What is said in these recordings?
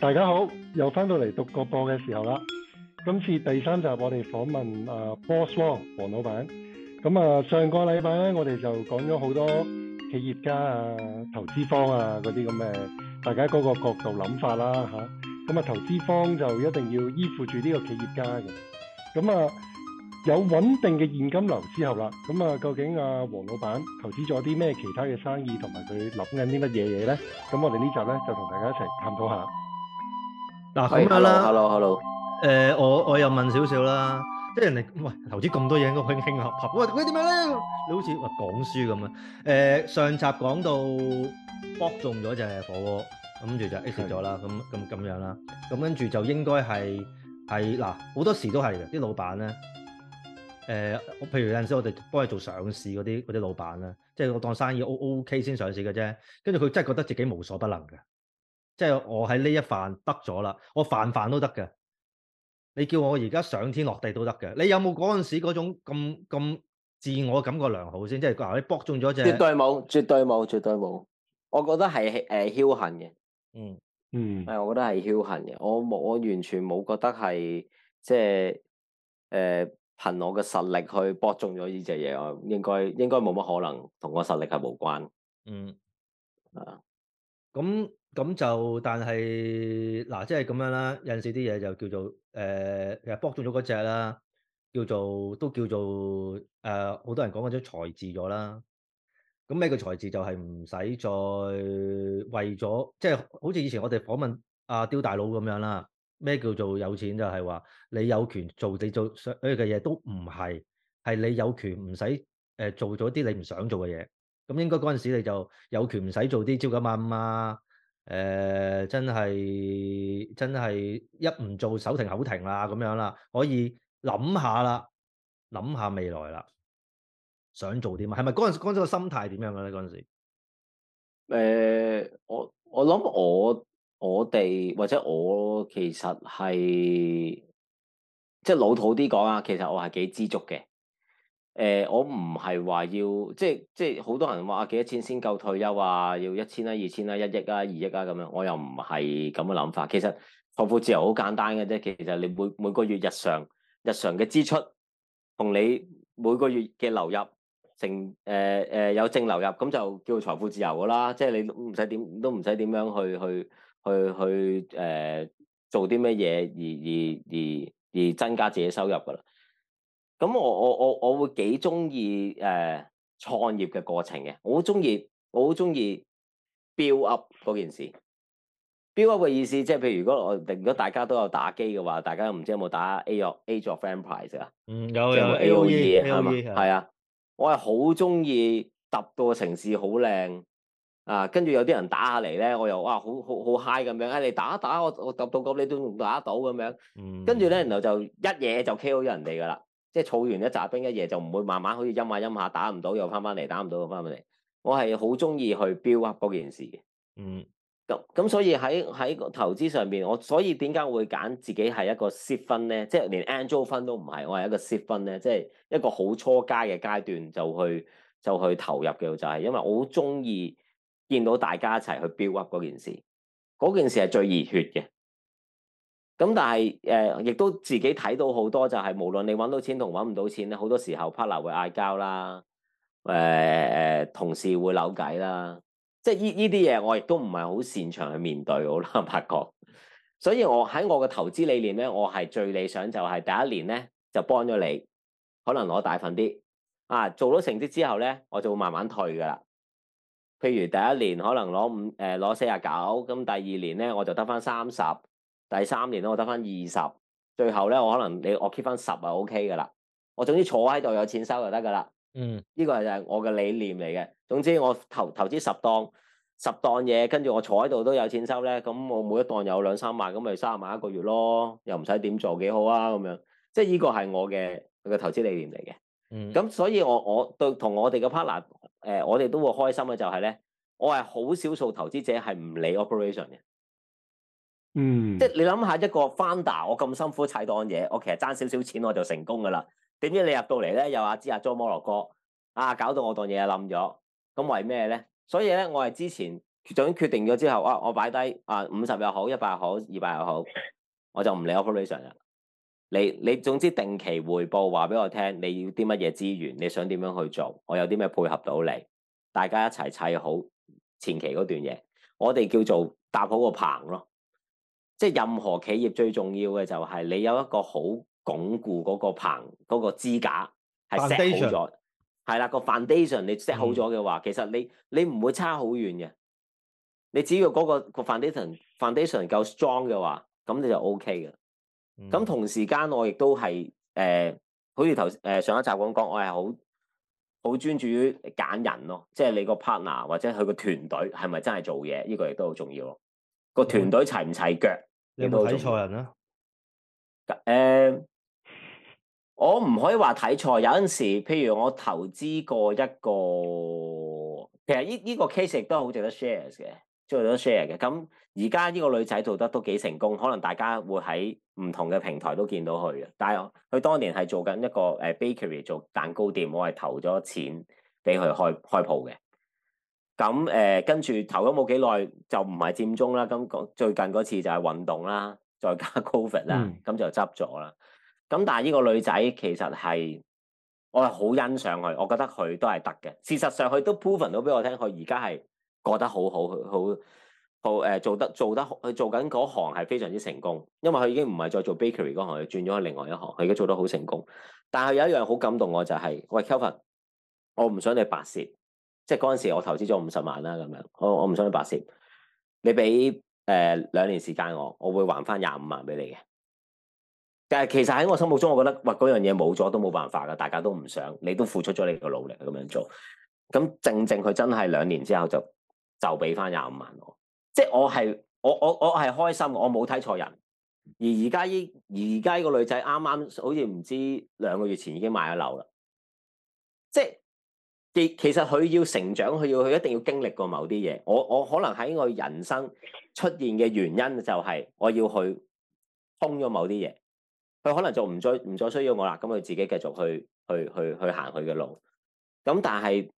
大家好，又翻到嚟獨角播嘅時候啦。今次第三集我哋訪問阿 Boss Wong 王老闆。咁啊，上個禮拜咧，我哋就講咗好多企業家啊、投資方啊嗰啲咁嘅，大家嗰個角度諗法啦吓。咁啊，投資方就一定要依附住呢個企業家嘅。咁啊，有穩定嘅現金流之後啦，咁啊，究竟啊，王老闆投資咗啲咩其他嘅生意，同埋佢諗緊啲乜嘢嘢呢？咁我哋呢集呢，就同大家一齊探討下。嗱咁樣啦，hello hello，hello，呃，我我又問少少啦，即係人哋喂投資咁多嘢應該要傾合合，喂佢點樣咧？你好似話講書咁啊、呃，上集講到搏中咗隻火鍋，跟住就 exit 咗啦，咁咁咁樣啦，跟住就應該係係喇，好、呃、多時候都係嘅，啲老闆呢。誒、呃，譬如有陣時我哋幫佢做上市嗰啲嗰啲老闆呢，即係我當生意 OK 先上市嘅啫，跟住佢真係覺得自己無所不能嘅。即係我喺呢一飯得咗啦，我飯飯都得嘅。你叫我而家上天落地都得嘅。你有冇嗰陣時嗰種咁咁自我感覺良好先？即係嗱，你搏中咗隻？絕對冇，絕對冇，絕對冇。我覺得係誒、呃、僥幸嘅、嗯。嗯嗯，係，我覺得係僥幸嘅。我冇，我完全冇覺得係即係誒、呃、憑我嘅實力去搏中咗呢隻嘢。我應該應該冇乜可能，同我實力係無關，嗯。嗯，啊、嗯，咁、嗯。嗯。咁就，但係嗱，即係咁樣啦。有陣時啲嘢，就叫做，誒、呃，又搏中咗嗰隻啦，叫做都叫做，誒、呃，好多人講嗰種財智咗啦。咁咩叫財智就？就係唔使再為咗，即係好似以前我哋訪問阿刁大佬咁樣啦。咩叫做有錢就？就係話你有權做你做想嘅嘢，都唔係，係你有權唔使，誒，做咗啲你唔想做嘅嘢。咁應該嗰陣時你就有權唔使做啲朝九晚五啊。誒、呃，真係真係一唔做手停口停啦，咁樣啦，可以諗下啦，諗下未來啦，想做啲乜？係咪嗰陣時嗰陣時個心態點樣嘅咧？嗰陣時，誒，我我諗我我哋或者我其實係即係老土啲講啊，其實我係幾知足嘅。誒、呃，我唔係話要，即係即係好多人話幾多錢先夠退休啊，要一千啦，啊，二千啦，啊，一億啦，啊，二億啦咁樣，我又唔係咁嘅諗法。其實財富自由好簡單嘅啫，其實你每每個月日常日常嘅支出同你每個月嘅流入正誒誒有正流入，咁就叫做財富自由噶啦。即係你唔使點都唔使點樣去去去去誒、呃、做啲乜嘢而而而而增加自己收入噶啦。咁我我我我會幾中意誒創業嘅過程嘅，我好中意我好中意 build up 嗰件事。build up 嘅意思即係譬如如果我如果大家都有打機嘅話，大家唔知有冇打 A O A 族 Framprize 啊？有有 A O E 係嘛？係啊，我係好中意揼到個城市好靚啊！跟住有啲人打下嚟咧，我又哇好好好 high 咁樣，你打一打我我揼到咁，你都打得到咁樣。跟住咧，然後就一嘢就 kill 咗人哋噶啦。即係儲完一扎冰一夜就唔會慢慢，好似陰下陰下打唔到又翻翻嚟，打唔到又翻翻嚟，我係好中意去 build up 嗰件事嘅。嗯。咁咁所以喺喺投資上邊我所以點解會揀自己係一個 seed fund 咧？即係連 Angel fund 都唔係，我係一個 seed fund 咧，即係一個好初階嘅階段就去就去投入嘅，就係因為我好中意見到大家一齊去 build up 嗰件事，嗰件事係最熱血嘅。咁但係誒，亦、呃、都自己睇到好多、就係，就係無論你揾到錢同揾唔到錢咧，好多時候 partner 會嗌交啦，誒、呃、誒，同事會扭計啦，即係呢依啲嘢，我亦都唔係好擅長去面對好啦，發覺，所以我喺我嘅投資理念咧，我係最理想就係第一年咧就幫咗你，可能攞大份啲，啊，做咗成績之後咧，我就會慢慢退噶啦。譬如第一年可能攞五誒攞四十九，咁第二年咧我就得返三十。第三年咧，我得翻二十，最後咧，我可能你我 keep 翻十就 O K 噶啦。我總之坐喺度有錢收就得噶啦。嗯，呢個就係我嘅理念嚟嘅。總之我投投資十檔十檔嘢，跟住我坐喺度都有錢收咧。咁我每一檔有兩三萬，咁咪三萬一個月咯，又唔使點做，幾好啊咁樣。即係呢個係我嘅個投資理念嚟嘅。嗯，咁所以我我對同我哋嘅 partner，誒、呃，我哋都會開心嘅就係咧，我係好少數投資者係唔理 operation 嘅。嗯，即係你諗下一個 founder 我咁辛苦砌檔嘢，我其實爭少少錢我就成功噶啦。點知你入到嚟咧又話支阿莊摩洛哥啊，搞到我檔嘢冧咗。咁為咩咧？所以咧，我係之前總之決定咗之後啊，我擺低啊五十又好，一百又好，二百又好，我就唔理 operation 啦。你你總之定期回報話俾我聽，你要啲乜嘢資源，你想點樣去做，我有啲咩配合到你，大家一齊砌好前期嗰段嘢，我哋叫做搭好個棚咯。即係任何企業最重要嘅就係你有一個好鞏固嗰個棚，嗰個支架係 set 好咗，係啦個 foundation found 你 set 好咗嘅話，嗯、其實你你唔會差好遠嘅。你只要嗰個 foundation foundation 夠 strong 嘅話，咁你就 OK 嘅。咁、嗯、同時間我亦都係誒，好似頭誒上一集咁講，我係好好專注於揀人咯。即係你個 partner 或者佢、個團隊係咪真係做嘢？呢個亦都好重要咯。個團隊齊唔齊腳？你有冇睇錯人啦。誒、嗯，我唔可以話睇錯，有陣時譬如我投資過一個，其實呢呢個 case 亦都好值得 share 嘅，做咗 share 嘅。咁而家呢個女仔做得都幾成功，可能大家會喺唔同嘅平台都見到佢嘅。但係佢當年係做緊一個誒 bakery 做蛋糕店，我係投咗錢俾佢開開鋪嘅咁誒，嗯、跟住投咗冇幾耐就唔係佔中啦。咁最近嗰次就係運動啦，再加 Covid 啦，咁、嗯、就執咗啦。咁但係呢個女仔其實係我係好欣賞佢，我覺得佢都係得嘅。事實上佢都 proven 到俾我聽，佢而家係過得好好，好好，誒做得做得，佢做緊嗰行係非常之成功。因為佢已經唔係再做 bakery 嗰行，佢轉咗去另外一行，佢而家做得好成功。但係有一樣好感動我就係、是，喂 Kevin，我唔想你白蝕。即係嗰陣時我資，我投資咗五十萬啦，咁樣我我唔想你白蝕，你俾誒兩年時間我，我會還翻廿五萬俾你嘅。但係其實喺我心目中，我覺得，喂，嗰樣嘢冇咗都冇辦法噶，大家都唔想，你都付出咗你個努力咁樣做，咁正正佢真係兩年之後就就俾翻廿五萬我，我，即係我係我我我係開心，我冇睇錯人。而而家依而家依個女仔啱啱好似唔知兩個月前已經買咗樓啦，即係。其其實佢要成長，佢要佢一定要經歷過某啲嘢。我我可能喺我人生出現嘅原因就係我要去通咗某啲嘢，佢可能就唔再唔再需要我啦。咁佢自己繼續去去去去行佢嘅路。咁但係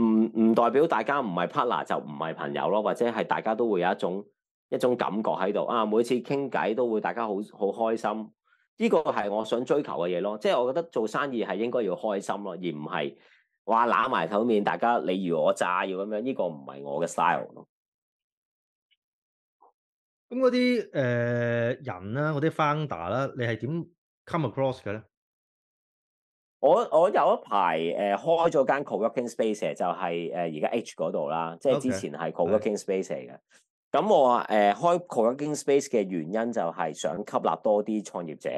唔唔代表大家唔係 partner 就唔係朋友咯，或者係大家都會有一種一種感覺喺度啊。每次傾偈都會大家好好開心，呢個係我想追求嘅嘢咯。即係我覺得做生意係應該要開心咯，而唔係。哇！揦埋口面，大家你如我炸要咁樣，呢個唔係我嘅 style。咁嗰啲誒人啦、啊，嗰啲 founder 啦、啊，你係點 come across 嘅咧？我我有一排誒、呃、開咗間 co-working space 就係誒而家 H 嗰度啦，即係之前係 co-working space 嚟嘅。咁 Okay. 我誒、呃、開 co-working space 嘅原因就係想吸納多啲創業者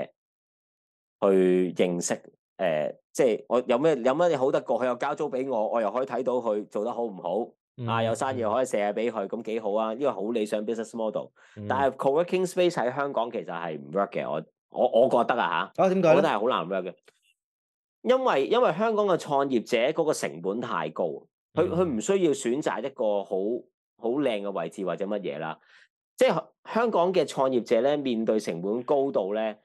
去認識。誒、呃，即係我有咩有乜嘢好得過？佢又交租俾我，我又可以睇到佢做得好唔好、嗯嗯、啊？有生意又可以借俾佢，咁幾好啊？呢個好理想 business model、嗯。但係 co-working space 喺香港其實係唔 work 嘅。我我我覺得啊嚇，點解咧？我都係好難 work 嘅，因為因為香港嘅創業者嗰個成本太高，佢佢唔需要選擇一個好好靚嘅位置或者乜嘢啦。即係香港嘅創業者咧，面對成本高度咧。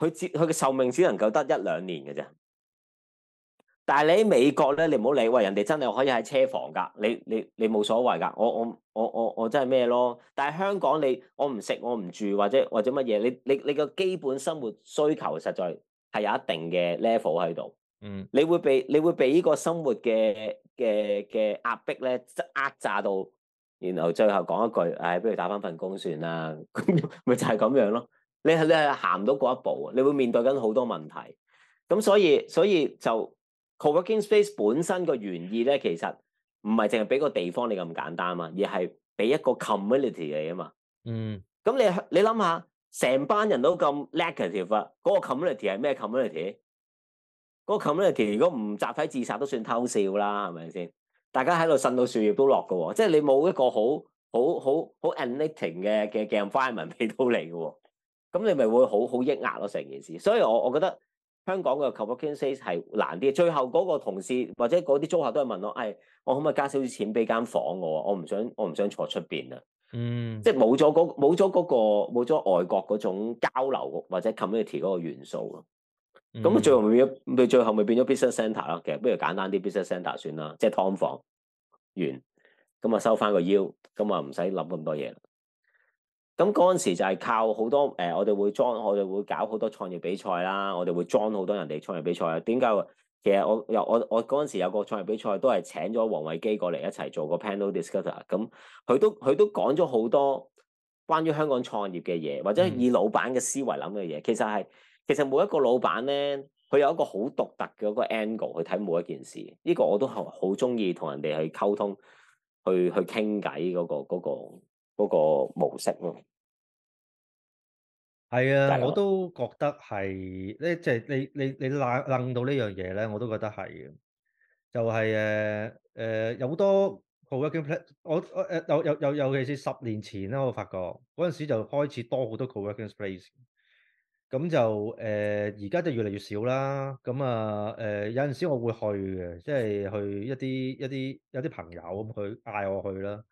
佢只佢嘅壽命只能夠得一兩年嘅啫，但係你喺美國咧，你唔好理，喂，人哋真係可以喺車房㗎，你你你冇所謂㗎，我我我我我真係咩咯？但係香港你我唔食我唔住或者或者乜嘢，你你你個基本生活需求實在係有一定嘅 level 喺度，嗯你，你會被你會被呢個生活嘅嘅嘅壓迫咧，即係壓榨到，然後最後講一句，唉、哎，不如打返份工算啦，咪 就係咁樣咯。你係你係行唔到嗰一步啊！你會面對緊好多問題，咁所以所以就 co-working space 本身個原意咧，其實唔係淨係俾個地方你咁簡單啊，而係俾一個 community 嚟啊嘛。嗯，咁你你諗下，成班人都咁 negative 啊，嗰個 community 係咩 community？嗰個 community 如果唔集體自殺都算偷笑啦，係咪先？大家喺度呻到樹葉都落㗎喎，即係你冇一個好好好好 enticing 嘅嘅 game framework 俾到你㗎喎。咁你咪會好好抑壓咯成件事，所以我我覺得香港嘅 corporate space 係難啲。最後嗰個同事或者嗰啲租客都係問我，誒、哎，我可唔可以加少少錢俾間房我？我唔想我唔想，想坐出邊啊！嗯，即係冇咗嗰冇咗嗰個冇咗、那個、外國嗰種交流或者 community 嗰個元素。咁啊、嗯，最後變咗，咪最後咪變咗 business center 咯。其實不如簡單啲 business center 算啦，即係劏房完，咁啊收翻個腰，咁啊唔使諗咁多嘢。咁嗰陣時就係靠好多誒、呃，我哋會裝，我哋會搞好多創業比賽啦，我哋會裝好多人哋創業比賽。點解？其實我又我我嗰陣時有個創業比賽，都係請咗黃偉基過嚟一齊做個 panel discussion。咁佢都佢都講咗好多關於香港創業嘅嘢，或者以老闆嘅思維諗嘅嘢。其實係其實每一個老闆咧，佢有一個好獨特嘅一個 angle 去睇每一件事。呢、這個我都係好中意同人哋去溝通，去去傾偈嗰個嗰、嗰個嗰個、模式咯。係啊加油，就是，我都覺得係咧，即係你你你諗諗到呢樣嘢咧，我都覺得係嘅。就係誒誒，有好多 co-working place，我我誒又又尤其是十年前咧，我發覺嗰陣時就開始多好多 co-working place。咁就誒，而、呃、家就越嚟越少啦。咁啊誒、呃，有陣時我會去嘅，即、就、係、是、去一啲一啲一啲朋友咁去嗌我去啦。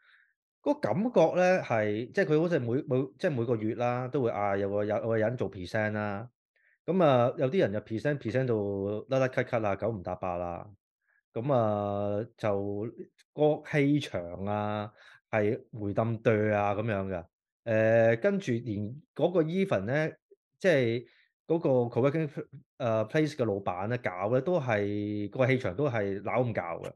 個感覺咧係，即係佢好似每每即係每個月啦，都會啊，有個有個人做 present 啦。咁啊，嗯、有啲人就 present present 到甩甩咳咳啊，九唔搭八啦。咁、嗯、啊、嗯，就、嗰個氣場啊，係回氹墮啊咁樣嘅。誒、呃，跟住連嗰個 even 咧，即係嗰個 co-working place 嘅老闆咧搞咧，都係、嗰個氣場都係撈唔搞嘅。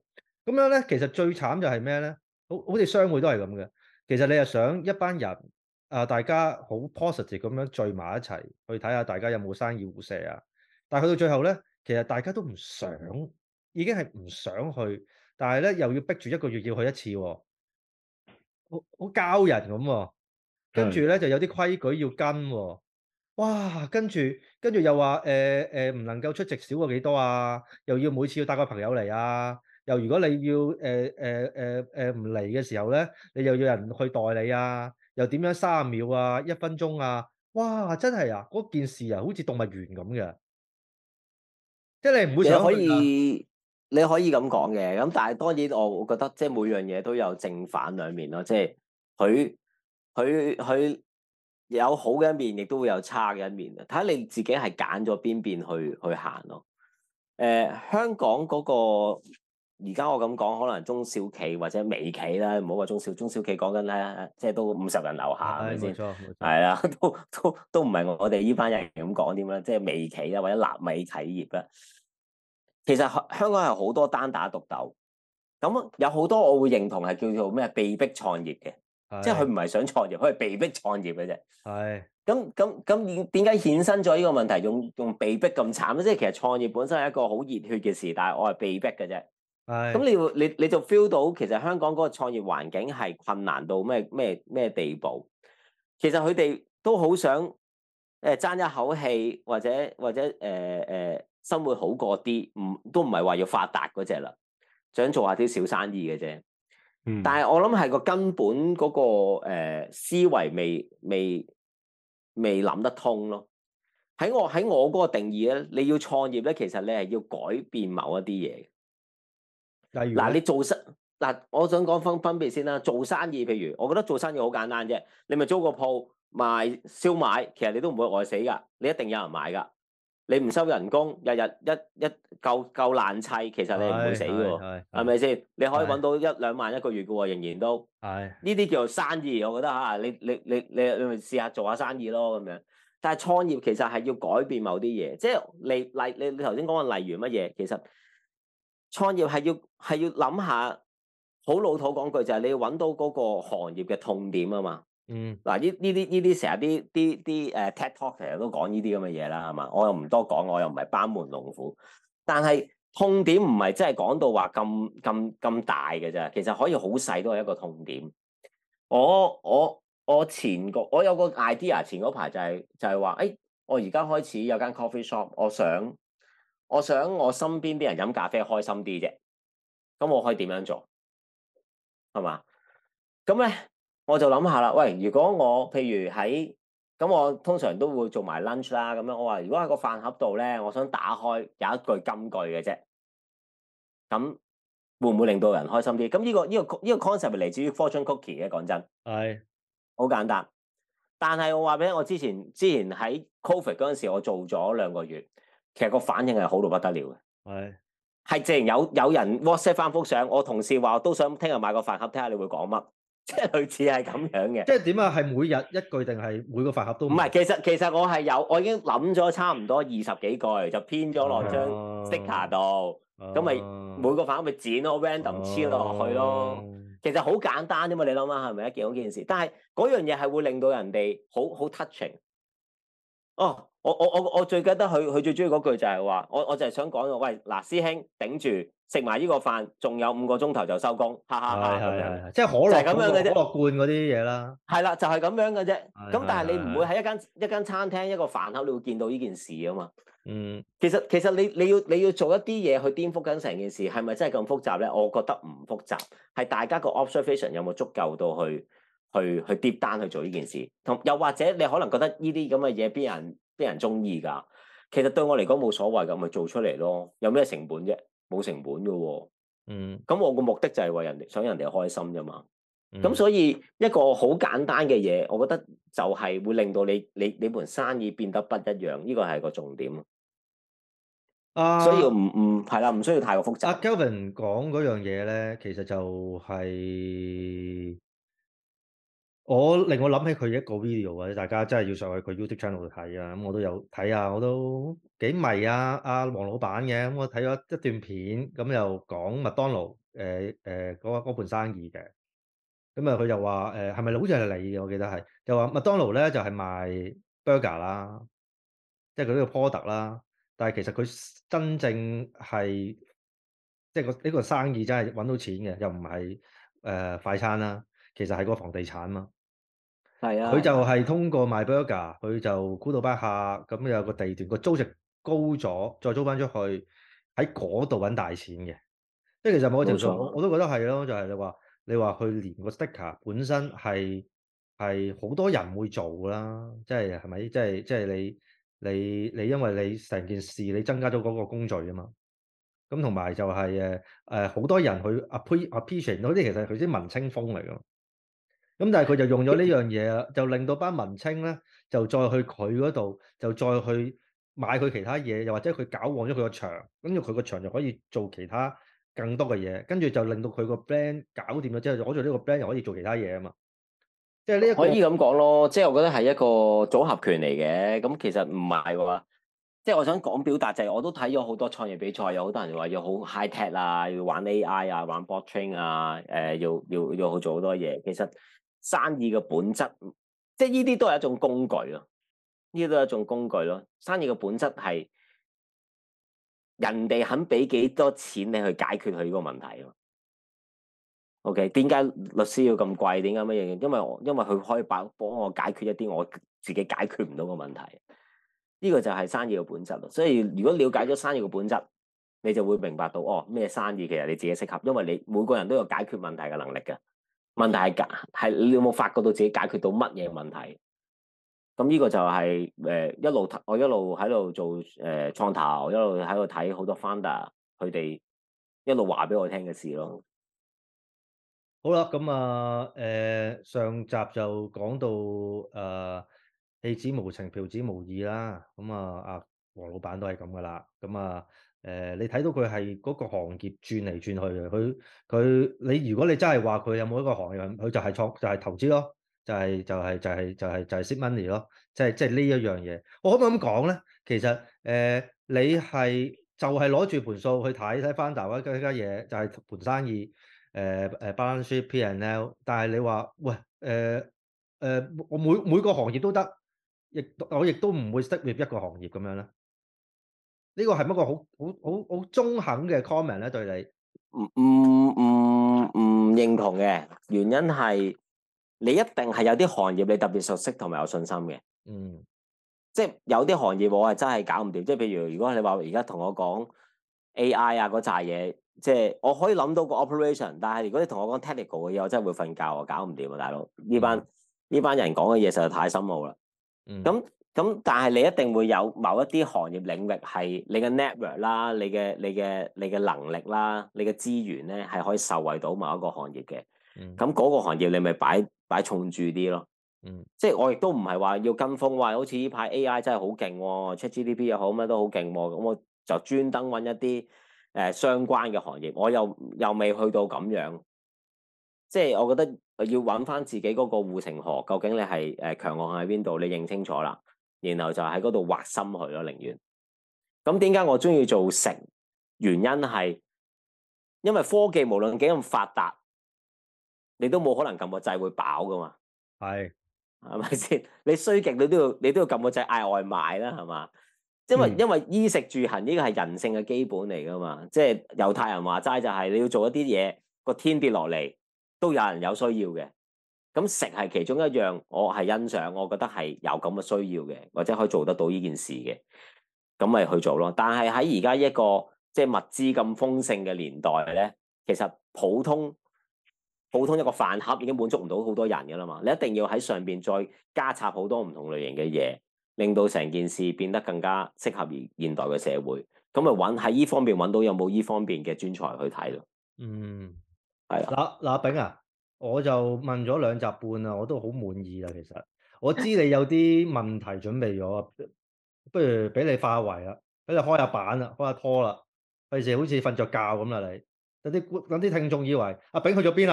咁樣咧，其實最慘就係咩咧？好似商會都係咁嘅。其實你又想一班人啊，大家好 positive 咁樣聚埋一齊去睇下大家有冇生意互射啊，但係去到最後咧，其實大家都唔想，已經係唔想去，但係咧又要逼住一個月要去一次，啊，好好教人咁，啊，跟住咧是的 就有啲規矩要跟，啊，哇，跟住跟住又話誒誒唔能夠出席少過幾多啊，又要每次要帶個朋友嚟啊。又如果你要誒誒誒誒唔嚟嘅時候咧，你又要人去代你啊？又點樣三秒啊？一分鐘啊？哇！真係啊，嗰件事啊，好似動物園咁嘅，即係你唔會、啊、你可以，你可以咁講嘅。咁但係當然我我覺得即係每樣嘢都有正反兩面咯，即係佢佢佢有好嘅一面，亦都會有差嘅一面啊。睇下你自己係揀咗邊邊去去行咯。誒、呃，香港嗰、嗰個。而家我咁講，可能中小企或者微企啦，唔好話中小中小企講緊啦，即係都五十人以下，係咪先？係啊的錯，都都都唔係我哋呢班人咁講點啦，即係微企啦，或者納米企業啦。其實香港係好多單打獨鬥，咁有好多我會認同係叫做咩？被逼創業嘅，是的 即係佢唔係想創業，佢係被逼創業嘅啫。係是的。咁咁咁點解衍生咗呢個問題？用用被逼咁慘？即係其實創業本身係一個好熱血嘅事，但係，我係被逼嘅啫。咁，你你你就 feel 到其實香港嗰個創業環境係困難到咩咩咩地步？其實佢哋都好想誒、呃、爭一口氣，或者或者誒誒生活好過啲，唔都唔係話要發達嗰隻啦，想做下啲小生意嘅啫。嗯、但係我諗係個根本嗰、嗰個誒、呃、思維未未未諗得通咯。喺我喺我嗰個定義咧，你要創業咧，其實你係要改變某一啲嘢。嗱，例如你做生嗱，我想講返分別先啦。做生意，譬如，我覺得做生意好簡單啫。你咪租個鋪賣燒賣，其實你都唔會餓死噶，你一定有人買噶。你唔收人工，日日一一,一,一夠夠爛砌，其實你唔會死噶，係咪先？ 吧 你可以搵到一兩 萬一個月噶，仍然都係呢啲叫做生意。我覺得吓，你你你你你咪試下做下生意咯咁樣。但係創業其實係要改變某啲嘢，即係例例你你頭先講個例如乜嘢，其實。其實創業係要係要諗下，好老土講句就係你要揾到嗰個行業嘅痛點啊嘛。嗯，嗱，呢呢啲呢啲成日啲啲啲誒 TED Talk 成日都講呢啲咁嘅嘢啦，係嘛？我又唔多講，我又唔係班門弄斧。但係痛點唔係真係講到話咁咁咁大嘅啫，其實可以好細都係一個痛點。我我我前個我有個 idea，前嗰排就係、是、就係、是、話，誒、哎，我而家開始有間 coffee shop，我想。我想我身邊啲人飲咖啡開心啲啫，咁我可以點樣做？係嘛？咁咧我就諗下啦。喂，如果我譬如喺咁，我通常都會做埋 lunch 啦。咁樣我話，如果喺個飯盒度咧，我想打開有一句金句嘅啫，咁會唔會令到人開心啲？咁呢個呢個呢個 concept 係嚟自於 fortune cookie 嘅。講真係好是簡單，但係我話俾你聽，我之前之前喺 COVID 嗰陣時，我做咗兩個月。其實個反應係好到不得了嘅，係係是直情有有人 WhatsApp 翻幅相，我同事話我都想聽日買個飯盒，睇下你會講乜，即係類似係咁樣嘅。即係點啊？係每日一句定係每個飯盒都？唔係，其實其實我係有，我已經諗咗差唔多二十幾句，就編咗落張 sticker 度，咁、啊、咪每個飯盒咪剪咯，random 貼落去咯。啊啊、其實好簡單啫嘛，你諗下係咪一件好件事？但係嗰樣嘢係會令到人哋好好 touching。哦、oh，我我我我最記得佢佢最中意嗰句就係話，我我就係想講，喂，嗱，師兄頂住食埋呢個飯，仲有五個鐘頭就收工，哈哈哈！即係可能樂觀嗰啲嘢啦，係啦樣，就係、是、咁樣嘅啫。咁但係你唔會喺一間是一間是餐廳一個飯口，你會見到呢件事啊嘛。嗯其，其實其實你你要你要做一啲嘢去顛覆緊成件事，係咪真係咁複雜咧？我覺得唔複雜，係大家個 observation 有冇足夠到去。去去跌單去做呢件事，同又或者你可能覺得呢啲咁嘅嘢邊人邊人中意噶？其實對我嚟講冇所謂噶，我咪做出嚟咯。有咩成本啫？冇成本噶。嗯。咁我個目的就係為人哋，想人哋開心啫嘛。咁、嗯、所以一個好簡單嘅嘢，我覺得就係會令到你你你門生意變得不一樣。呢個係個重點。啊。所以唔唔係啦，唔需要太過複雜。阿 Kelvin 講嗰樣嘢咧，其實就係、是。我令我諗起佢一個 video 或者大家真係要上去佢 YouTube channel 度睇啊，咁我都有睇啊，我都幾迷啊阿黃老闆嘅，咁我睇咗一段片，咁又講麥當勞，誒誒嗰嗰盤生意嘅，咁啊佢又話誒係咪好似係你嘅？我記得係，又話麥當勞咧就係賣 burger 啦，即係佢呢個 product 啦，但係其實佢真正係即係個呢個生意真係搵到錢嘅，又唔係誒快餐啦。其實係個房地產嘛，係啊，佢就係通過賣 burger，佢就估到俾客咁有個地段個租值高咗，再租翻出去喺嗰度揾大錢嘅。即係其實某個程度上，冇錯，我都覺得係咯，就係、是、你話你話佢連個 sticker 本身係係好多人會做啦，即係係咪？即係即係你你你因為你成件事你增加咗嗰個工序啊嘛，咁同埋就係誒誒好多人去 appear，App 嗰啲其實佢啲文青風嚟㗎。咁但係佢就用咗呢樣嘢就令到班文青咧就再去佢嗰度，就再去買佢其他嘢，又或者佢搞旺咗佢個場，跟住佢個場就可以做其他更多嘅嘢，跟住就令到佢個 brand 搞掂咗之後，攞住呢個 brand 又可以做其他嘢啊嘛。即係呢一個可以咁講咯，即係我覺得係一個組合拳嚟嘅。咁其實唔係喎，即係我想講表達就係我都睇咗好多創業比賽，有好多人話要好 high tech 啊，要玩 AI 啊，玩 blockchain 啊，誒、呃、要要要做好多嘢，其實。生意嘅本質，即係呢啲都係一種工具咯，呢啲都係一種工具咯。生意嘅本質係人哋肯俾幾多錢你去解決佢呢個問題咯。OK，點解律師要咁貴？點解乜嘢？因為我因為佢可以幫我解決一啲我自己解決唔到嘅問題。呢個就係生意嘅本質咯。所以如果了解咗生意嘅本質，你就會明白到哦，咩生意其實你自己適合，因為你每個人都有解決問題嘅能力嘅。問題係解係你有冇發覺到自己解決到乜嘢問題？咁呢個就係誒一路我一路喺度做誒創、呃、投，一路喺度睇好多 founder 佢哋一路話俾我聽嘅事咯。好啦，咁啊誒上集就講到誒戲子無情，婊子無義啦。咁啊阿黃老闆都係咁噶啦。咁啊。誒，你睇到佢係嗰個行業轉嚟轉去嘅，佢佢你如果你真係話佢有冇一個行業，佢就係錯就係、是、投資咯，就係、是、就係、是、就係、是、就係、是、就係識 money 咯，即係即係呢一樣嘢。我可唔可以咁講咧？其實誒、欸，你係就係攞住盤數去睇睇翻大家間一嘢，就係、是、盤、那個就是、生意誒誒 balance sheet P and L 但。但係你話喂誒誒、欸欸，我每每個行業都得，亦我亦都唔會識滅一個行業咁樣咧。呢個係一個好好好好中肯嘅 comment 咧，對你唔唔唔唔認同嘅原因係你一定係有啲行業你特別熟悉同埋有信心嘅，嗯，即係有啲行業我係真係搞唔掂，即係譬如如果你話而家同我講 A I 啊，嗰扎嘢，即係我可以諗到個 operation，但係如果你同我講 technical 嘅嘢，我真係會瞓覺，我搞唔掂啊，大佬呢班呢、嗯、班人講嘅嘢實在太深奧啦，嗯，咁。咁但係你一定會有某一啲行業領域係你嘅 network 啦，你嘅你嘅你嘅能力啦，你嘅資源咧，係可以受惠到某一個行業嘅。咁嗰、嗯、個行業你咪擺擺重注啲咯。嗯、即係我亦都唔係話要跟風話好似呢排 A.I. 真係好勁、啊，ChatGPT 又好咩都好勁、啊，咁我就專登揾一啲誒、呃、相關嘅行業，我又又未去到咁樣，即係我覺得要揾翻自己嗰個護城河，究竟你係誒、呃、強項喺邊度，你認清楚啦。然後就喺嗰度挖心去咯，寧願。咁點解我中意做食？原因係因為科技無論幾咁發達，你都冇可能撳個掣會飽噶嘛。係是，係咪先？你衰極你都要你都要撳個掣嗌外賣啦，係嘛？因為、嗯、因為衣食住行呢個係人性嘅基本嚟噶嘛。即、就、係、是、猶太人話齋就係你要做一啲嘢，個天跌落嚟都有人有需要嘅。咁食係其中一樣，我係欣賞，我覺得係有咁嘅需要嘅，或者可以做得到呢件事嘅，咁咪去做咯。但係喺而家一個即係物資咁豐盛嘅年代咧，其實普通普通一個飯盒已經滿足唔到好多人㗎啦嘛。你一定要喺上邊再加插好多唔同類型嘅嘢，令到成件事變得更加適合現代嘅社會。咁咪揾喺呢方面揾到有冇呢方面嘅專才去睇咯。嗯，係啦、啊。嗱嗱、呃，阿、呃呃、炳啊。我就問咗兩集半啊，我都好滿意啊。其實我知你有啲問題準備咗，不如俾你化下圍啦，俾你開下板啦，開下拖啦。費事好似瞓着覺咁啦，你有啲，啲聽眾以為阿炳去咗邊，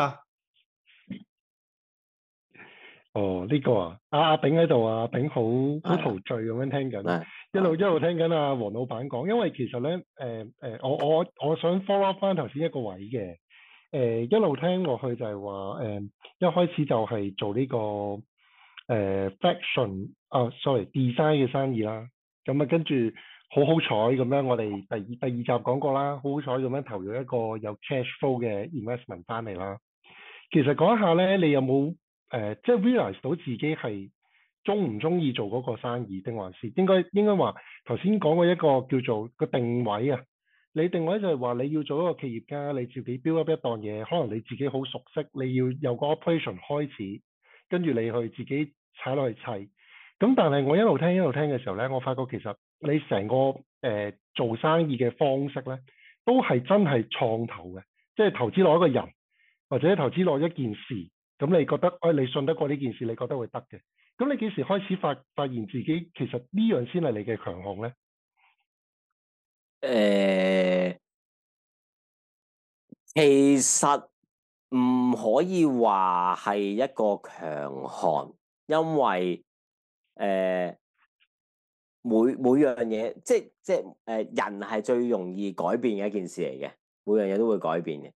哦這個、啊？哦，呢個啊，阿炳喺度，阿炳好好陶醉咁樣聽緊，一路一路聽緊阿黃老闆講。因為其實咧，誒、呃、誒、呃，我我我想 follow 翻頭先一個位嘅。誒、呃、一路聽落去就係話誒，一開始就係做呢、這個誒、呃、fashion 啊，sorry design 嘅生意啦。咁、嗯、啊，跟住好好彩咁樣，我哋第二第二集講過啦，好好彩咁樣投咗一個有 cash flow 嘅 investment 翻嚟啦。其實講一下咧，你有冇誒即係、呃就是、realize 到自己係鍾唔鍾意做嗰個生意，定還是應該應該話頭先講過一個叫做個定位啊？你定位就係話你要做一個企業家，你自己 build up 一檔嘢，可能你自己好熟悉，你要有個 operation 開始，跟住你去自己踩落去砌。咁但係我一路聽一路聽嘅時候咧，我發覺其實你成個誒、呃、做生意嘅方式咧，都係真係創投嘅，即係投資落一個人或者投資落一件事。咁你覺得，哎，你信得過呢件事，你覺得會得嘅？咁你幾時開始發發現自己其實呢樣先係你嘅強項呢？誒、呃，其實唔可以話係一個強項，因為誒、呃、每每樣嘢，即即誒、呃、人係最容易改變嘅一件事嚟嘅，每樣嘢都會改變嘅。誒、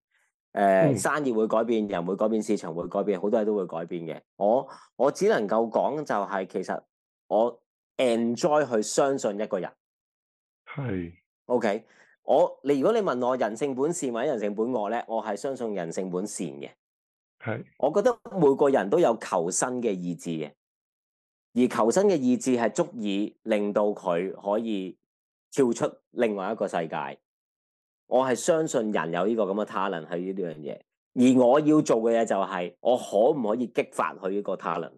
呃、嗯、生意會改變，人會改變，市場會改變，好多嘢都會改變嘅。我我只能夠講就係、是，其實我 enjoy 去相信一個人。係。OK，我你如果你問我人性本善或者人性本惡咧，我係相信人性本善嘅。係是，我覺得每個人都有求生嘅意志嘅，而求生嘅意志係足以令到佢可以跳出另外一個世界。我係相信人有呢個咁嘅 talent 喺呢樣嘢，而我要做嘅嘢就係我可唔可以激發佢呢個 talent？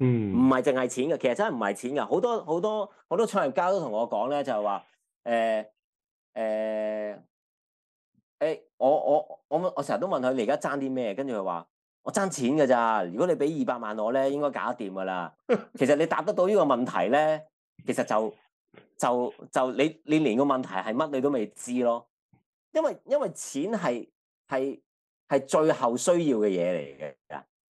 嗯，唔係淨係錢嘅，其實真係唔係錢嘅，好多好多好多創業家都同我講咧，就係話。誒誒誒！我我我我成日都問佢你而家爭啲咩？跟住佢話我爭錢噶咋？如果你俾二百萬我咧，應該搞掂噶啦。其實你答得到呢個問題咧，其實就就就，就你你連個問題係乜你都未知咯。因為因為錢係係係最後需要嘅嘢嚟嘅。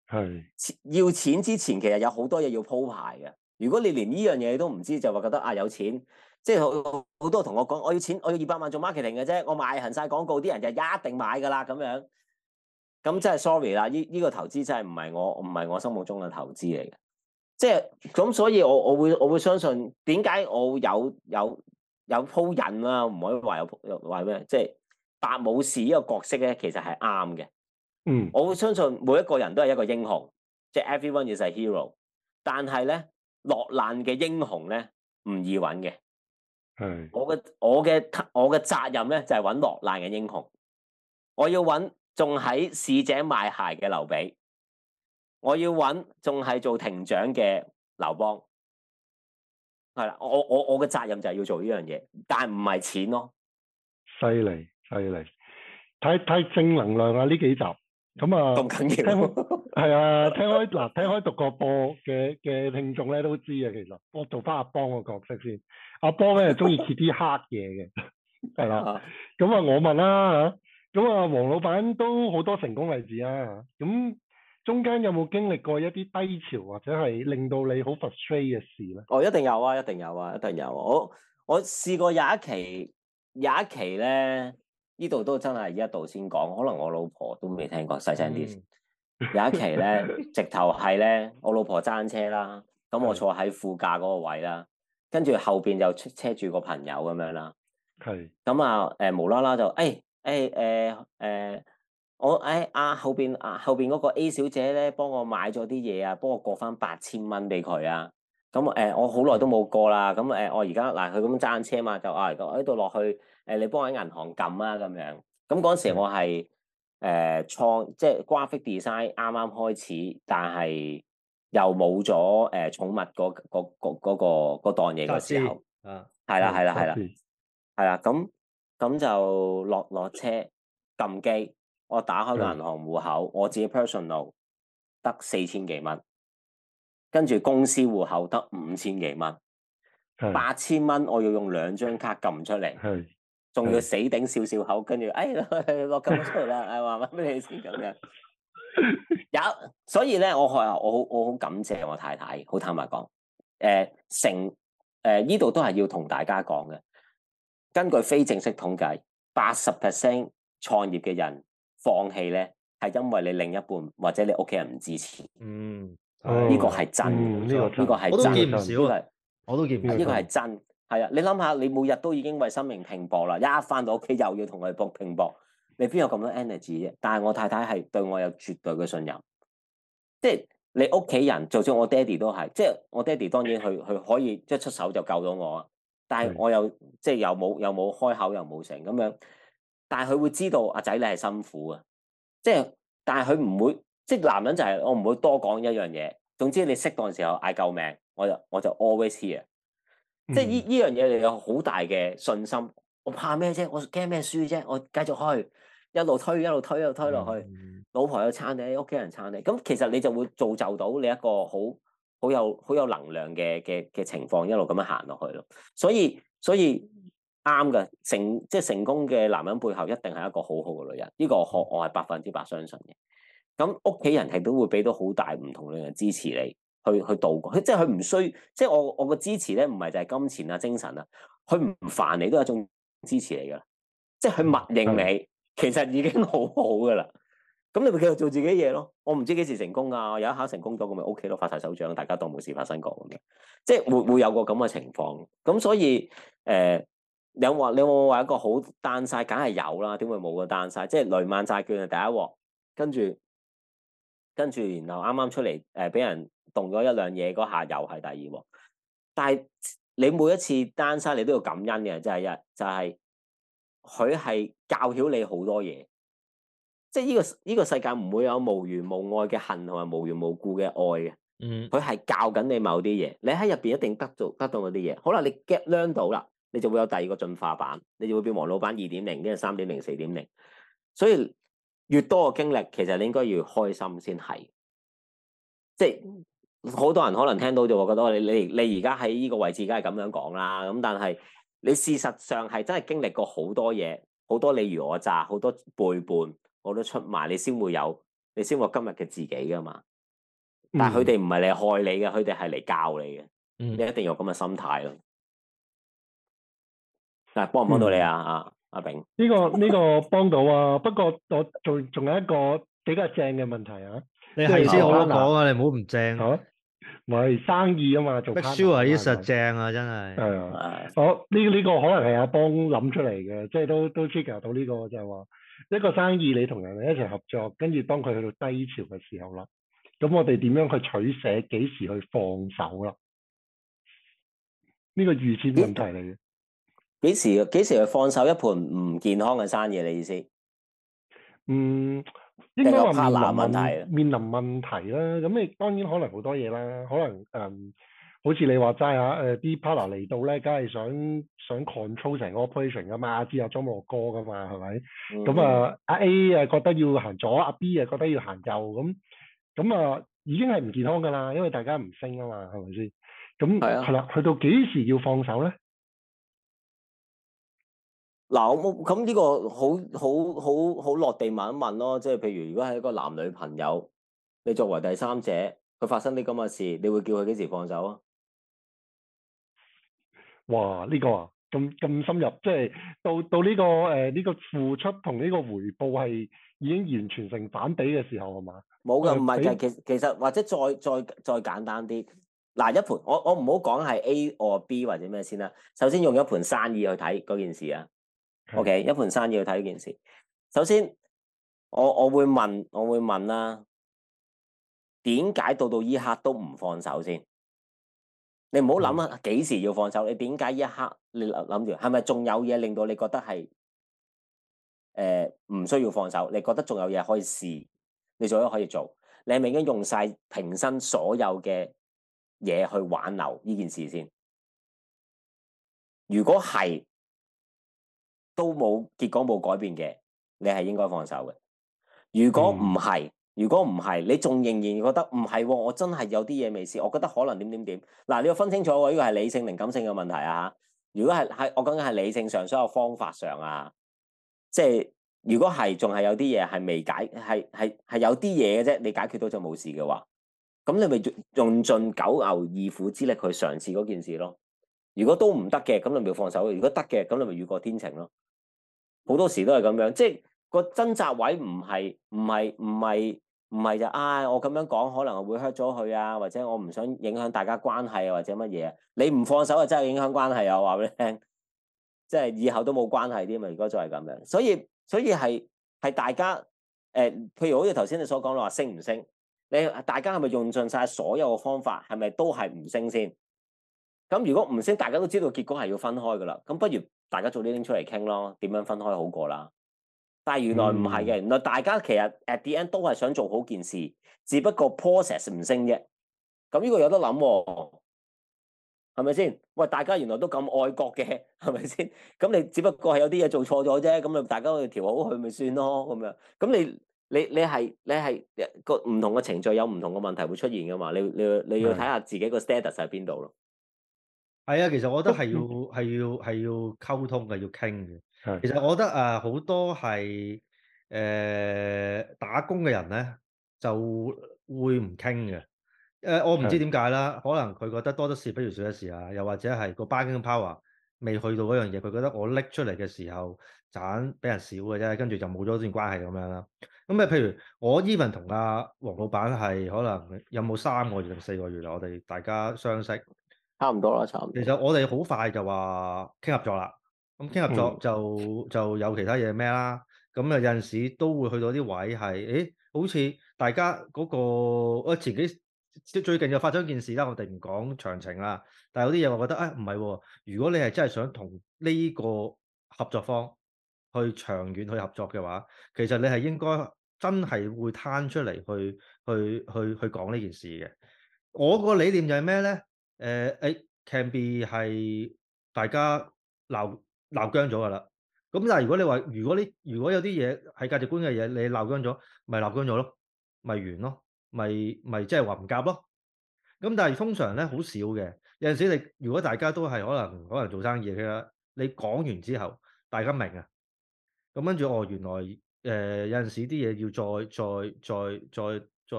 係是要錢之前，其實有好多嘢要鋪排嘅。如果你連呢樣嘢都唔知，就話覺得啊有錢。即係好多同我講，我要錢，我要二百萬做 marketing 嘅啫，我買行晒廣告，啲人就一定買噶啦咁樣。咁真係 sorry 啦，呢、呢、依個投資真係唔係我唔係我心目中嘅投資嚟嘅。即係咁，所以我我會我會相信點解我有有有鋪引啦、啊，唔可以話有話咩？即係、就是、白武士呢個角色咧，其實係啱嘅。嗯，我會相信每一個人都係一個英雄，即、就、係、是、everyone is a hero。但係咧，落難嘅英雄咧，唔易揾嘅。係是我嘅我嘅我嘅責任咧就係揾落難嘅英雄，我要揾仲喺市井賣鞋嘅劉備，我要揾仲係做亭長嘅劉邦，係啦，我我我嘅責任就係要做呢樣嘢，但唔係錢咯，犀利犀利，睇睇正能量啦、啊、呢幾集，咁啊咁緊要。 係啊，聽開嗱，聽開讀個播嘅嘅聽眾咧都知啊。其實我做翻阿邦個角色先，阿邦咧就中意切啲黑嘢嘅，係啦。咁啊，我問啦，咁啊，黃老闆都好多成功例子啊。咁中間有冇經歷過一啲低潮，或者係令到你好 frustrated 嘅事咧？哦，一定有啊，一定有啊，一定有啊。我我試過有一期，有一期咧，呢度都真係依一度先講，可能我老婆都未聽過聲，嗯，細聲啲。 有一期咧，直頭係咧，我老婆揸緊車啦，咁我坐喺副駕嗰個位啦，跟住後邊就車住個朋友咁是樣啦。係、呃。咁、哎哎呃呃、啊，誒無啦啦就，誒誒誒誒，我誒啊後邊啊後邊嗰個 A 小姐咧，幫我買咗啲嘢啊，幫我過翻八千蚊俾佢啊。咁誒，我好耐都冇過啦。咁誒對，我而家嗱，佢咁揸緊車嘛，就啊喺度落去，誒、呃、你幫我喺銀行撳啊咁樣。咁嗰、嗯、時我係。嗯誒，創、呃、即係 Graphic Design 啱啱開始，但係又冇咗誒寵物嗰嗰個檔嘢嘅時候，係啦係啦係啦，係啦，咁咁就落落車撳機，我打開個銀行戶口，嗯、我自己 personal 得四千幾蚊，跟住公司戶口得五千幾蚊，八千蚊我要用兩張卡撳出嚟。嗯嗯仲要死頂笑笑口，跟住哎落金鋪出嚟啦，哎話乜咩事咁樣有，yeah, 所以咧我係我好我好感謝我太太，好坦白講，誒、呃、成誒呢度都係要同大家講嘅。根據非正式統計，八十 percent 創業嘅人放棄咧係因為你另一半或者你屋企人唔支持，嗯呢、哦、個係真呢、嗯呢個真，呢個係真，真真我都見唔少嘅，我都見唔少，呢個係真。係啊，你諗下，你每日都已經為生命拼搏啦，一翻到屋企又要同佢搏拼搏，你邊有咁多 energy 啫？但係我太太係對我有絕對嘅信任，即係你屋企人，就算我爹哋都係，即係我爹哋當然佢佢可以一出手就救到我啊。但係我又即係又冇又冇開口又冇成咁樣，但係佢會知道阿仔你係辛苦啊，即係但係佢唔會，即係男人就係、是、我唔會多講一樣嘢，總之你適當時候嗌救命，我就我就 always here。即係呢呢樣嘢，你有好大嘅信心。我怕咩啫？我驚咩輸啫？我繼續開，一路推，一路推，一路推落去。老婆又撐你，屋企人撐你。咁其實你就會造就到你一個好好有好有能量嘅嘅嘅情況，一路咁樣行落去咯。所以所以啱嘅成，即係成功嘅男人背後一定係一個好好嘅女人。呢個我我係百分之百相信嘅。咁屋企人係都會俾到好大唔同嘅人支持你。去去度過，佢即係佢唔需，即係我我個支持咧，唔係就係金錢啊、精神啊，佢唔煩你都係一種支持嚟噶啦，即係佢默認你，其實已經好好噶啦。咁你咪繼續做自己嘢咯。我唔知幾時成功啊，有一下成功咗，咁咪 O K 咯，發晒手掌，大家當冇事發生過咁樣，即係會會有個咁嘅情況。咁所以誒，你有冇你有冇話一個好單晒？梗係有啦，點會冇個單晒，即係雷曼債券係第一鑊，跟住跟住，然後啱啱出嚟誒俾人。動咗一兩嘢嗰下又係第二。但係你每一次單身你都要感恩嘅，真係一就係佢係教曉你好多嘢，即係呢個呢個世界唔會有無緣無愛嘅恨同埋無緣無故嘅愛嘅。嗯，佢係教緊你某啲嘢，你喺入邊一定得做得到嗰啲嘢。好啦，你 get learn 到啦，你就會有第二個進化版，你就會變黃老闆二點零，跟住三點零、四點零。所以越多嘅經歷，其實你應該要開心先係，即係。好多人可能聽到就會覺得你你你而家喺呢個位置，梗係咁樣講啦。咁但係你事實上係真係經歷過好多嘢，好多你如我咋，好多背叛，好多出賣，你先會有，你先會有今日嘅自己噶嘛。但係佢哋唔係嚟害你嘅，佢哋係嚟教你嘅。你一定要有咁嘅心態咯。嗯、但係幫唔幫到你啊？阿、嗯啊、阿炳，呢、呢個呢、呢個幫到啊。不過我仲仲有一個比較正嘅問題啊。你係先我都講啊，你唔好唔正咪生意啊嘛，做 business 實嘛這正啊，真係係啊。好呢呢個可能係阿邦諗出嚟嘅，即係都都 check 到呢、這個就係、是、話一個生意你同人哋一齊合作，跟住當佢去到低潮嘅時候啦，咁我哋點樣去取捨？幾時去放手啦？呢、這個預設問題嚟嘅。幾時？幾時去放手一盤唔健康嘅生意？你意思？嗯。應該話面臨面臨問題啦，咁你當然可能好多嘢啦，可能誒、嗯，好似你話齋啊誒、呃、啲 partner 嚟到咧，梗係想想 control 成個 operation 噶嘛，知阿莊老哥噶嘛，係咪？咁啊、mm，阿、hmm. 嗯、A 啊覺得要行左，阿 B 啊覺得要行右，咁咁啊已經係唔健康噶啦，因為大家唔升啊嘛，係咪先？咁係啦，去到幾時要放手咧？嗱，我咁呢個好好好好落地問一問咯，即係譬如如果係一個男女朋友，你作為第三者，佢發生啲咁嘅事，你會叫佢幾時放手啊？哇，呢個咁咁深入，即係到到呢個誒呢個付出同呢個回報係已經完全成反比嘅時候係嘛？冇噶，唔係嘅，其實其實或者再再再簡單啲，嗱一盤，我我唔好講係 A or B 或者咩先啦，首先用一盤生意去睇嗰件事啊。O.K.、嗯、一盤生意要睇呢件事。首先，我我會問，我會問啦，點解、啊、到到依刻都唔放手先？你唔好諗下幾時要放手？你點解一刻你諗住係咪仲有嘢令到你覺得係誒唔需要放手？你覺得仲有嘢可以試？你做咗可以做？你係咪已經用晒平生所有嘅嘢去挽留呢件事先？如果係，都冇結果，冇改變嘅，你係應該放手嘅。如果唔係，如果唔係，你仲仍然覺得唔係、哦，我真係有啲嘢未試，我覺得可能點點點。嗱，你要分清楚喎，呢個係理性定感性嘅問題啊。如果係喺，我講緊係理性上，所有方法上啊，即係如果係仲係有啲嘢係未解，係係係有啲嘢嘅啫。你解決到就冇事嘅話，咁你咪用盡九牛二虎之力去嘗試嗰件事咯。如果都唔得嘅，咁你咪放手。如果得嘅，咁你咪雨過天晴咯。好多時都係咁樣，即係個掙扎位唔係唔係唔係唔係就唉、哎。我咁樣講可能會 hurt 咗佢啊，或者我唔想影響大家關係啊，或者乜嘢？你唔放手啊，真係影響關係啊！我話俾你聽，即係以後都冇關係啲咪？如果再係咁樣，所以所以係係大家誒、呃，譬如好似頭先你所講話升唔升？你大家係咪用盡晒所有嘅方法，係咪都係唔升先？咁如果唔升，大家都知道結果係要分開噶啦。咁不如大家早啲拎出嚟傾咯，點樣分開好過啦？但係原來唔係嘅，嗯、原來大家其實 at the end 都係想做好件事，只不過 process 唔升啫。咁呢個有得諗喎、哦，係咪先？喂，大家原來都咁愛國嘅，係咪先？咁你只不過係有啲嘢做錯咗啫，咁你大家去調好佢咪算咯，咁樣。咁你你你係你係個唔同嘅程序有唔同嘅問題會出現噶嘛？你你你要睇下自己個 status 喺邊度咯。係啊，其實我覺得係要係、嗯、要係要溝通嘅，要傾嘅。是的 其實我覺得啊，好、呃、多係誒、呃、打工嘅人咧，就會唔傾嘅。誒、呃，我唔知點解啦，是的 可能佢覺得多得事不如少得事啊。又或者係個 bargaining power 未去到嗰樣嘢，佢覺得我拎出嚟嘅時候賺俾人少嘅啫，跟住就冇咗呢段關係咁樣啦。咁啊，譬如我 even 同阿黃老闆係，可能有冇三個月定四個月啊？我哋大家相識。差唔多啦，差唔多。其實我哋好快就話傾合作啦。咁傾合作就、嗯、就有其他嘢咩啦。咁啊有陣時都會去到啲位係，誒，好似大家嗰、嗰個我前幾即最近又發生一件事啦。我哋唔講詳情啦，但係有啲嘢我覺得啊，唔、哎、係。如果你係真係想同呢個合作方去長遠去合作嘅話，其實你係應該真係會攤出嚟去去去去,去講呢件事嘅。我個理念就係咩咧？誒誒、uh，can be 係大家鬧鬧僵咗噶啦。咁但係如果你話，如果你如果有啲嘢係價值觀嘅嘢，你鬧僵咗，咪鬧僵咗咯，咪完咯，咪咪即係話唔夾咯。咁但係通常咧好少嘅，有陣時你如果大家都係可能可能做生意，嘅，其實你講完之後，大家明啊。咁跟住哦，原來誒、呃、有陣時啲嘢要再再再再再，再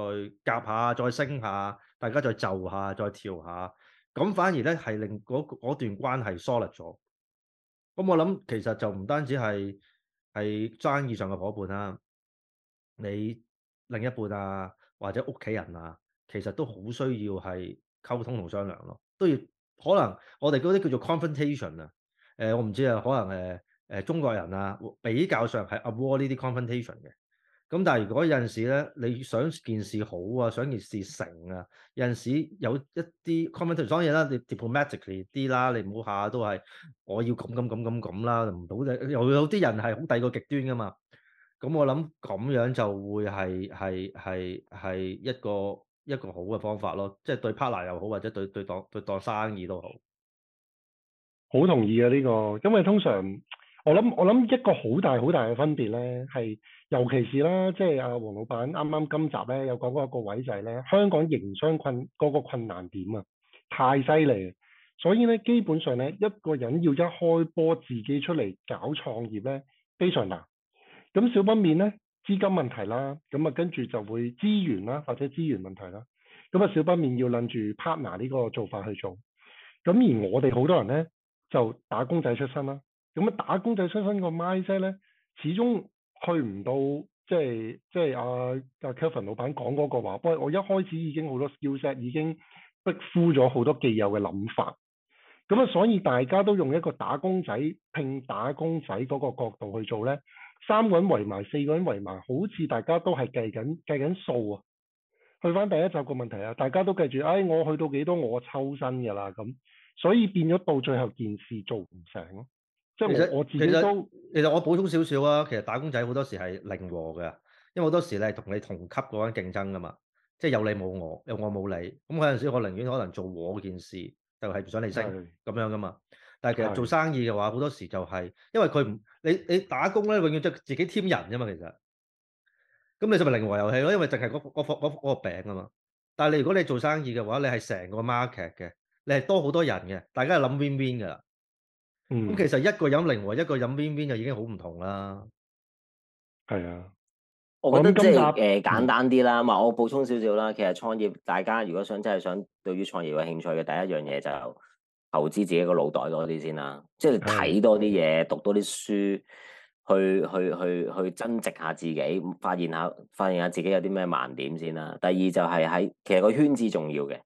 夾下，再升下，大家再就下，再調下。咁反而咧，係令嗰段關係疏離咗。咁我諗其實就唔單止係係生意上嘅夥伴啦，你另一半啊，或者屋企人啊，其實都好需要係溝通同商量咯。都要可能我哋嗰啲叫做 confrontation 啊、呃，誒我唔知啊，可能誒誒、呃、中國人啊比較上係 avoid 呢啲 confrontation 嘅。咁但係如果有陣時咧，你想件事好啊，想件事成啊，有陣時有一啲 commentary，所以啦，你 diplomatically 啲啦，你唔好下下都係我要咁咁咁咁咁啦，唔到。又有啲人係好第二個極端噶嘛。咁我諗咁樣就會係係係係一個一個好嘅方法咯，即係對 partner 又好，或者對對當對，對當生意都好。好同意啊呢個，因為通常。我諗我諗一個好大好大嘅分別咧，係尤其是啦，即係阿黃老闆啱啱今集咧有講過一個位就係咧，香港營商困嗰個困難點啊，太犀利，所以咧基本上咧一個人要一開波自己出嚟搞創業咧，非常難。咁少不免咧資金問題啦，咁啊跟住就會資源啦或者資源問題啦，咁啊少不免要諗住 partner 呢個做法去做。咁而我哋好多人咧就打工仔出身啦。咁啊！打工仔出身個 mindset 咧，始終去唔到，即係即係阿阿 Kevin 老闆講嗰個話。喂，我一開始已經好多 skill set 已經逼呼咗好多既有嘅諗法。咁啊，所以大家都用一個打工仔拼打工仔嗰個角度去做咧，三個人圍埋，四個人圍埋，好似大家都係計緊計緊數啊。去翻第一集個問題啊，大家都計住，哎，我去到幾多我抽身㗎啦咁，所以變咗到最後件事做唔成。即其實我自己都其實，其實我補充少少啊。其實打工仔好多時係零和嘅，因為好多時你係同你同級嗰陣競爭噶嘛，即係有你冇我，有我冇你。咁有陣時我寧願可能做我件事，就係、是、唔想你升咁的樣噶嘛。但係其實做生意嘅話，好的多時就係、是、因為佢唔你你打工咧，永遠就自己添人啫嘛。其實咁你就咪零和遊戲咯，因為淨係嗰嗰方個餅啊嘛。但係你如果你做生意嘅話，你係成個 market 嘅，你係多好多人嘅，大家係諗 win win 㗎喇。咁、嗯、其實一個飲零和一個飲 win win 就已經好唔同啦，係啊的，我覺得即係誒、嗯呃、簡單啲啦。啊，我補充少少啦。其實創業，大家如果想真係想，想對於創業有興趣嘅，第一樣嘢就投資自己個腦袋多啲先啦，即係睇多啲嘢，嗯、讀多啲書，去去去去，去增值下自己，發現下發現下自己有啲咩盲點先啦。第二就係喺其實個圈子重要嘅。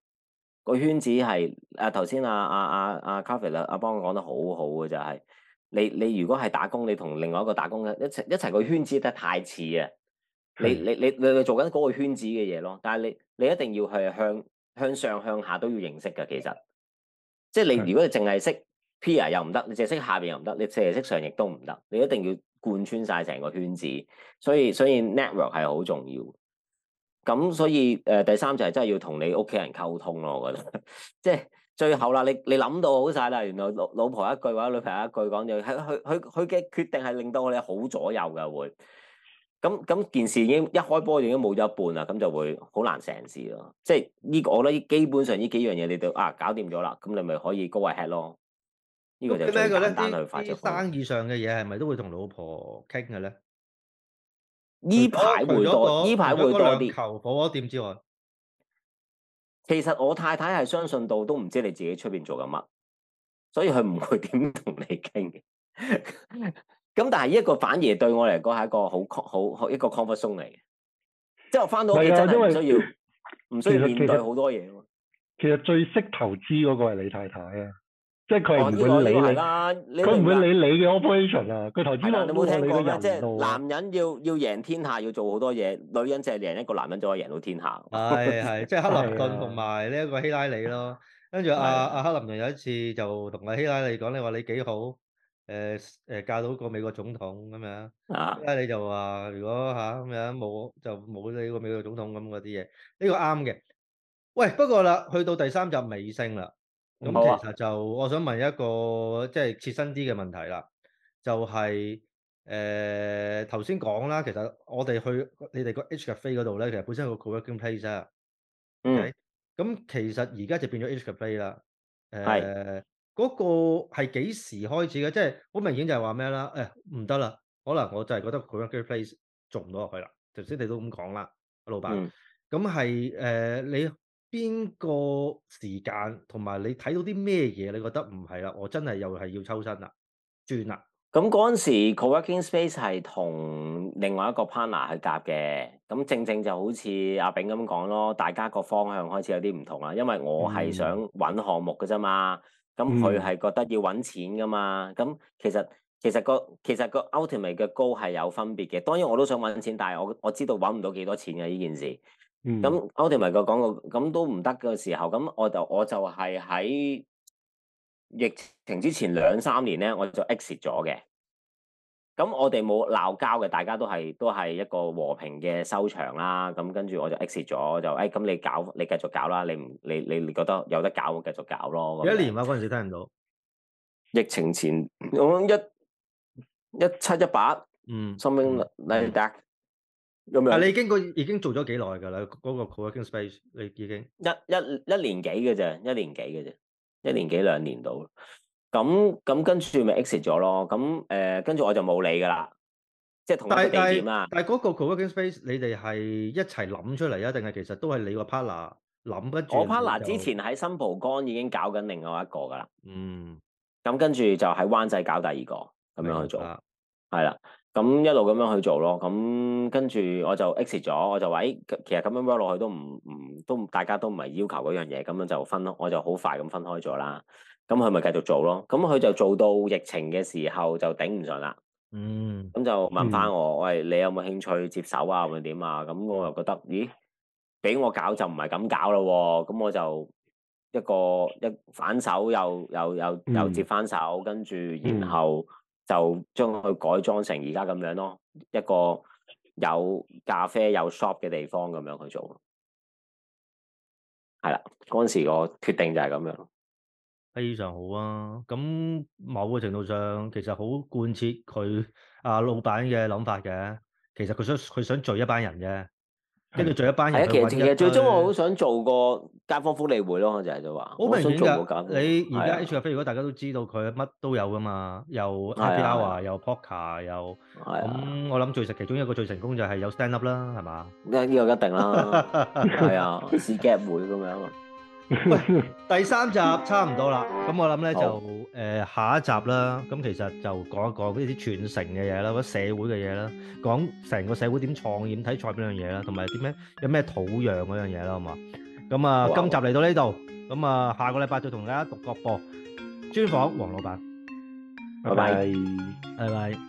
個圈子係誒頭先阿阿阿阿咖啡啦，阿、啊啊啊啊啊、幫我講得好好嘅就係、是、你你如果係打工，你同另外一個打工嘅一齊一齊圈個圈子得太似啊！你你你你你做緊嗰個圈子嘅嘢咯，但係你你一定要係向向上向下都要認識嘅，其實即係你是的 如果淨係識 peer 又唔得，你淨係識下邊又唔得，你淨係識上亦都唔得，你一定要貫穿晒成個圈子，所以所以 network 係好重要。咁所以誒、呃、第三就係真係要同你屋企人溝通咯，我覺得即係、就是、最後啦。你你諗到好晒啦，原來老老婆一句話，或者女朋友一句講就係佢佢佢嘅決定係令到我哋好左右嘅會。咁咁件事已經一開波已經冇咗一半啦，咁就會好難成事咯。即係呢個我覺得基本上呢幾樣嘢你都啊搞掂咗啦，咁你咪可以高位 hedge 咯。呢、這個就最簡單，單去發咗。生意上嘅嘢係咪都會同老婆傾嘅咧？呢排會多，呢排會多啲。求保啊？點知啊？其實我太太係相信到，都唔知你自己出邊做緊乜，所以佢唔會點同你傾嘅。咁 但係一個反而對我嚟講係一個好好一個 comfort zone 嚟嘅，即係我翻到屋企就因唔需要，唔實需要面對好多嘢。嘛。其實最識投資嗰個係你太太啊。即係佢係唔會理你，啦、哦、佢、這、唔、個、會，會，會理你嘅 operation 啊！佢頭先你冇聽過你人，啊，即係男人要要贏天下，要做好多嘢。女人就係贏一個男人就可以贏到天下。係、係、 哎，即係克林頓同埋呢一個希拉里咯。跟住阿阿克林頓有一次就同阿希拉里講：你話你幾好？誒、呃、誒，嫁到個美國總統咁樣，嗯啊。啊！咁你就話：如果吓咁樣冇就冇你個美國總統咁嗰啲嘢，呢，這個啱嘅。喂，不過啦，去到第三集尾聲啦。咁其實就我想問一個即係切身啲嘅問題啦，就係誒頭先講啦，其實我哋去你哋個 H Cafe 嗰度咧，其實本身有個 co-working place 啊。嗯。咁、okay? 其實而家就變咗 H Cafe 啦。係、呃。嗰個係幾時開始嘅？即係好明顯就係話咩啦？誒唔得啦，可能我就係覺得 co-working place 做唔到落去啦。頭先你都咁講啦，老闆。咁係誒你。邊個時間同埋你睇到啲咩嘢？你覺得唔係啦，我真係又係要抽身啦，轉啦。咁嗰陣時，coworking space 係同另外一個 partner 去夾嘅。咁正正就好似阿炳咁講咯，大家個方向開始有啲唔同啦。因為我係想搵項目嘅啫嘛，咁佢係覺得要搵錢噶嘛。咁其實其實個其實個 outlet 咪嘅高係有分別嘅。當然我都想搵錢，但係我我知道搵唔到幾多錢嘅呢件事。咁、嗯、我哋咪講過，咁都唔得嘅時候，咁我就我就係喺疫情之前兩三年咧，我就 exit 咗嘅。咁我哋冇鬧交嘅，大家都係都係一個和平嘅收場啦。咁跟住我就 exit 咗，就誒，咁、哎、你搞，你繼續搞啦，你唔，你你覺得有得搞，我繼續搞咯。一年啊，嗰陣時聽唔到。疫情前我一一七一八，嗯 something like that 嗯。嗯。啊！你經過已經做咗幾耐噶啦？嗰、嗰個 co-working space 你已經一一一年幾嘅啫，一年幾嘅啫，一年幾兩年到。咁咁跟住咪 exit 咗咯。咁誒，跟住、呃、我就冇理噶啦，即係同一個地點啊。但係嗰個 co-working space 你哋係一齊諗出嚟啊？定係其實都係你個 partner 諗一？我 partner 之前喺新蒲崗已經搞緊另外一個噶啦。嗯，咁跟住就喺灣仔搞第二個咁的樣去做，係啦的。咁一路咁樣去做咯，咁跟住我就 exit 咗，我就話：，誒、欸，其實咁樣 roll 落去都唔唔都，大家都唔係要求嗰樣嘢，咁樣就分咯。我就好快咁分開咗啦。咁佢咪繼續做咯。咁佢就做到疫情嘅時候就頂唔順啦。嗯。咁就問翻我：，嗯、喂，你有冇興趣接手啊？咁樣點啊？咁我又覺得，咦，俾我搞就唔係咁搞咯。咁我就一個一反手又又又又，、嗯、又接翻手，跟住然後、嗯。然後就將佢改裝成而家咁樣咯，一個有咖啡有 shop 嘅地方咁樣去做。係啦，嗰陣時個決定就係咁樣。非常好啊！咁某個程度上，其實好貫徹佢阿、啊、老闆嘅諗法嘅。其實佢想佢想聚一班人嘅。跟住做一班人。其實最終我好想做個街坊福利會咯，就係就話。好明顯噶，你而家 H f 飛如果大家都知道佢乜都有噶嘛，又 table 啊，又 poker 又，咁我諗最食其中一個最成功就係有 stand up 啦，係嘛？呢個一定啦，係啊，市集會咁樣。喂，第三集差唔多啦，咁我諗咧就誒下一集啦，咁其實就講一講呢啲傳承嘅嘢啦，或者社會嘅嘢啦，講成個社會點創業，點睇菜嗰樣嘢啦，同埋點樣有咩土壤嗰樣嘢啦，好嘛？咁啊今集嚟到呢度，咁啊下個禮拜再同大家獨角播專訪黃老闆，拜拜，拜拜。